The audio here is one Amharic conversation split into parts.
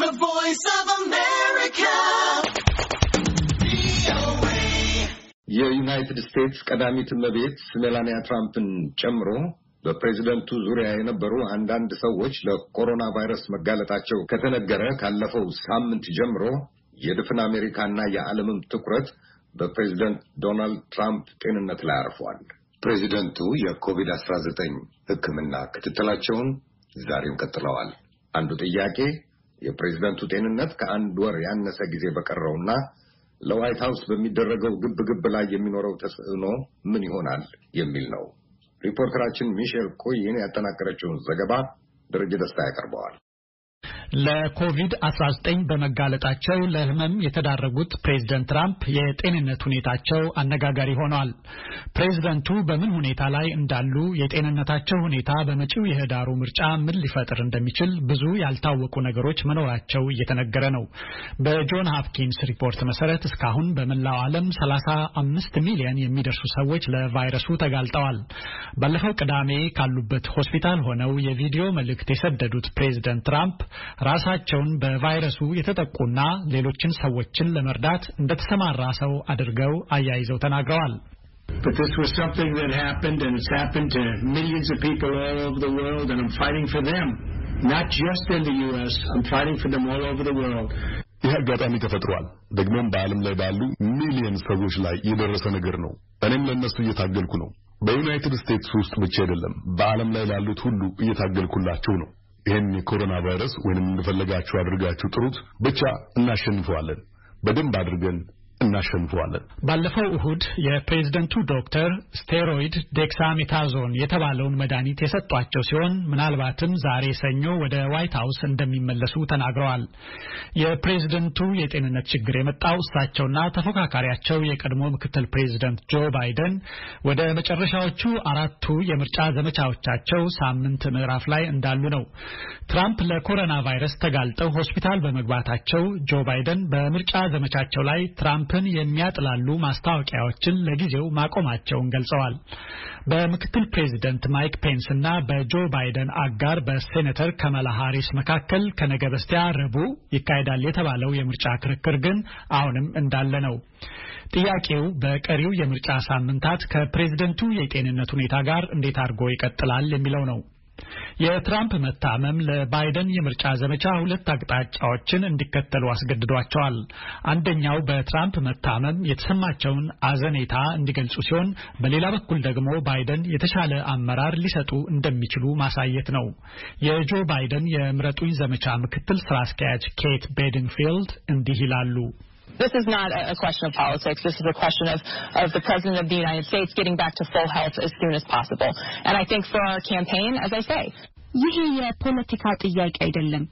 The Voice of America. የዩናይትድ ስቴትስ ቀዳሚት እመቤት ሜላኒያ ትራምፕን ጨምሮ በፕሬዚደንቱ ዙሪያ የነበሩ አንዳንድ ሰዎች ለኮሮና ቫይረስ መጋለጣቸው ከተነገረ ካለፈው ሳምንት ጀምሮ የድፍን አሜሪካና የዓለምም ትኩረት በፕሬዚደንት ዶናልድ ትራምፕ ጤንነት ላይ አርፏል። ፕሬዚደንቱ የኮቪድ-19 ሕክምና ክትትላቸውን ዛሬም ቀጥለዋል። አንዱ ጥያቄ የፕሬዝደንቱ ጤንነት ከአንድ ወር ያነሰ ጊዜ በቀረውና ለዋይት ሀውስ በሚደረገው ግብ ግብ ላይ የሚኖረው ተጽዕኖ ምን ይሆናል የሚል ነው። ሪፖርተራችን ሚሼል ኮይን ያጠናቀረችውን ዘገባ ደረጀ ደስታ ያቀርበዋል። ለኮቪድ-19 በመጋለጣቸው ለህመም የተዳረጉት ፕሬዝደንት ትራምፕ የጤንነት ሁኔታቸው አነጋጋሪ ሆኗል። ፕሬዝደንቱ በምን ሁኔታ ላይ እንዳሉ፣ የጤንነታቸው ሁኔታ በመጪው የህዳሩ ምርጫ ምን ሊፈጥር እንደሚችል ብዙ ያልታወቁ ነገሮች መኖራቸው እየተነገረ ነው። በጆን ሀፕኪንስ ሪፖርት መሰረት እስካሁን በመላው ዓለም 35 ሚሊዮን የሚደርሱ ሰዎች ለቫይረሱ ተጋልጠዋል። ባለፈው ቅዳሜ ካሉበት ሆስፒታል ሆነው የቪዲዮ መልእክት የሰደዱት ፕሬዝደንት ትራምፕ ራሳቸውን በቫይረሱ የተጠቁና ሌሎችን ሰዎችን ለመርዳት እንደተሰማራ ሰው አድርገው አያይዘው ተናግረዋል። But this was something that happened and it's happened to millions of people all over the world and I'm fighting for them. Not just in the US, I'm fighting for them all over the world. ይህ አጋጣሚ ተፈጥሯል። ደግሞም በዓለም ላይ ባሉ ሚሊየን ሰዎች ላይ የደረሰ ነገር ነው። እኔም ለእነሱ እየታገልኩ ነው። በዩናይትድ ስቴትስ ውስጥ ብቻ አይደለም፣ በዓለም ላይ ላሉት ሁሉ እየታገልኩላቸው ነው። ይህን የኮሮና ቫይረስ ወይንም እንደፈለጋችሁ አድርጋችሁ ጥሩት፣ ብቻ እናሸንፈዋለን። በደንብ አድርገን እናሸንፈዋለን። ባለፈው እሁድ የፕሬዝደንቱ ዶክተር ስቴሮይድ ዴክሳሜታዞን የተባለውን መድኃኒት የሰጧቸው ሲሆን ምናልባትም ዛሬ ሰኞ ወደ ዋይት ሀውስ እንደሚመለሱ ተናግረዋል። የፕሬዝደንቱ የጤንነት ችግር የመጣው እሳቸውና ተፎካካሪያቸው የቀድሞ ምክትል ፕሬዝደንት ጆ ባይደን ወደ መጨረሻዎቹ አራቱ የምርጫ ዘመቻዎቻቸው ሳምንት ምዕራፍ ላይ እንዳሉ ነው። ትራምፕ ለኮሮና ቫይረስ ተጋልጠው ሆስፒታል በመግባታቸው ጆ ባይደን በምርጫ ዘመቻቸው ላይ ትራምፕ ትራምፕን የሚያጥላሉ ማስታወቂያዎችን ለጊዜው ማቆማቸውን ገልጸዋል። በምክትል ፕሬዚደንት ማይክ ፔንስ እና በጆ ባይደን አጋር በሴኔተር ከመላ ሃሪስ መካከል ከነገ በስቲያ ረቡዕ ይካሄዳል የተባለው የምርጫ ክርክር ግን አሁንም እንዳለ ነው። ጥያቄው በቀሪው የምርጫ ሳምንታት ከፕሬዝደንቱ የጤንነት ሁኔታ ጋር እንዴት አድርጎ ይቀጥላል የሚለው ነው። የትራምፕ መታመም ለባይደን የምርጫ ዘመቻ ሁለት አቅጣጫዎችን እንዲከተሉ አስገድዷቸዋል። አንደኛው በትራምፕ መታመም የተሰማቸውን አዘኔታ እንዲገልጹ ሲሆን፣ በሌላ በኩል ደግሞ ባይደን የተሻለ አመራር ሊሰጡ እንደሚችሉ ማሳየት ነው። የጆ ባይደን የምረጡኝ ዘመቻ ምክትል ስራ አስኪያጅ ኬት ቤድንግፊልድ እንዲህ ይላሉ። This is not a question of politics. This is a question of, of the President of the United States getting back to full health as soon as possible. And I think for our campaign, as I say, ይሄ የፖለቲካ ጥያቄ አይደለም።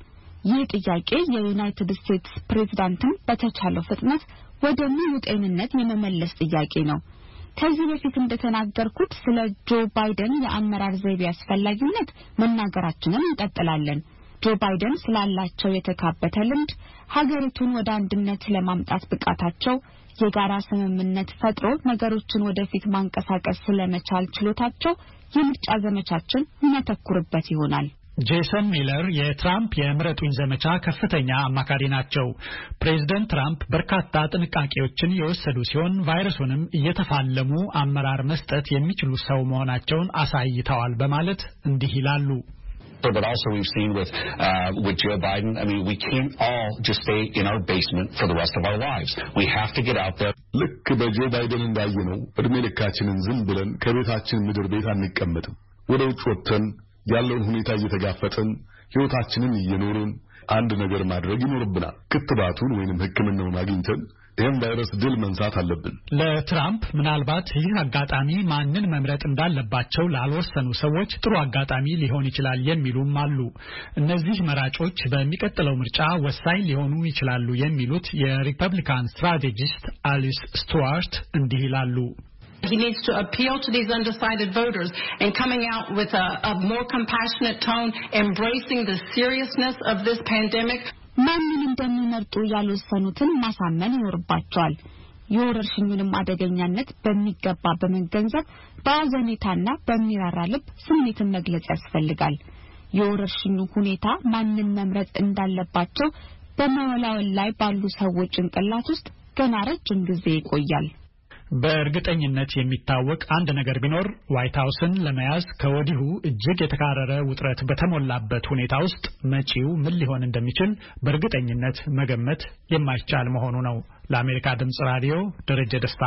ይህ ጥያቄ የዩናይትድ ስቴትስ ፕሬዝዳንትን በተቻለው ፍጥነት ወደ ሙሉ ጤንነት የመመለስ ጥያቄ ነው። ከዚህ በፊት እንደተናገርኩት ስለ ጆ ባይደን የአመራር ዘይቤ አስፈላጊነት መናገራችንን እንቀጥላለን። ጆ ባይደን ስላላቸው የተካበተ ልምድ፣ ሀገሪቱን ወደ አንድነት ለማምጣት ብቃታቸው፣ የጋራ ስምምነት ፈጥሮ ነገሮችን ወደፊት ማንቀሳቀስ ስለመቻል ችሎታቸው የምርጫ ዘመቻችን የሚያተኩርበት ይሆናል። ጄሰን ሚለር የትራምፕ የምረጡኝ ዘመቻ ከፍተኛ አማካሪ ናቸው። ፕሬዝደንት ትራምፕ በርካታ ጥንቃቄዎችን የወሰዱ ሲሆን ቫይረሱንም እየተፋለሙ አመራር መስጠት የሚችሉ ሰው መሆናቸውን አሳይተዋል በማለት እንዲህ ይላሉ። but, also we've seen with uh, with Joe Biden. I mean, we can't all just stay in our basement for the rest of our lives. We have to get out there. Look, at the Joe Biden and I, you know, but ያለውን ሁኔታ እየተጋፈጥን ህይወታችንን እየኖርን አንድ ነገር ማድረግ ይኖርብናል ክትባቱን ወይንም ህክምናውን አግኝተን ይህም ቫይረስ ድል መንሳት አለብን። ለትራምፕ ምናልባት ይህ አጋጣሚ ማንን መምረጥ እንዳለባቸው ላልወሰኑ ሰዎች ጥሩ አጋጣሚ ሊሆን ይችላል የሚሉም አሉ። እነዚህ መራጮች በሚቀጥለው ምርጫ ወሳኝ ሊሆኑ ይችላሉ የሚሉት የሪፐብሊካን ስትራቴጂስት አሊስ ስቱዋርት እንዲህ ይላሉ። He needs to appeal to these undecided voters and coming out with a, a more compassionate tone, embracing the seriousness of this pandemic. ማንን እንደሚመርጡ ያልወሰኑትን ማሳመን ይኖርባቸዋል። የወረርሽኙንም አደገኛነት በሚገባ በመገንዘብ በአዘኔታና በሚራራ ልብ ስሜትን መግለጽ ያስፈልጋል። የወረርሽኙ ሁኔታ ማንን መምረጥ እንዳለባቸው በመወላወል ላይ ባሉ ሰዎች ጭንቅላት ውስጥ ገና ረጅም ጊዜ ይቆያል። በእርግጠኝነት የሚታወቅ አንድ ነገር ቢኖር ዋይት ሀውስን ለመያዝ ከወዲሁ እጅግ የተካረረ ውጥረት በተሞላበት ሁኔታ ውስጥ መጪው ምን ሊሆን እንደሚችል በእርግጠኝነት መገመት የማይቻል መሆኑ ነው። ለአሜሪካ ድምፅ ራዲዮ ደረጀ ደስታ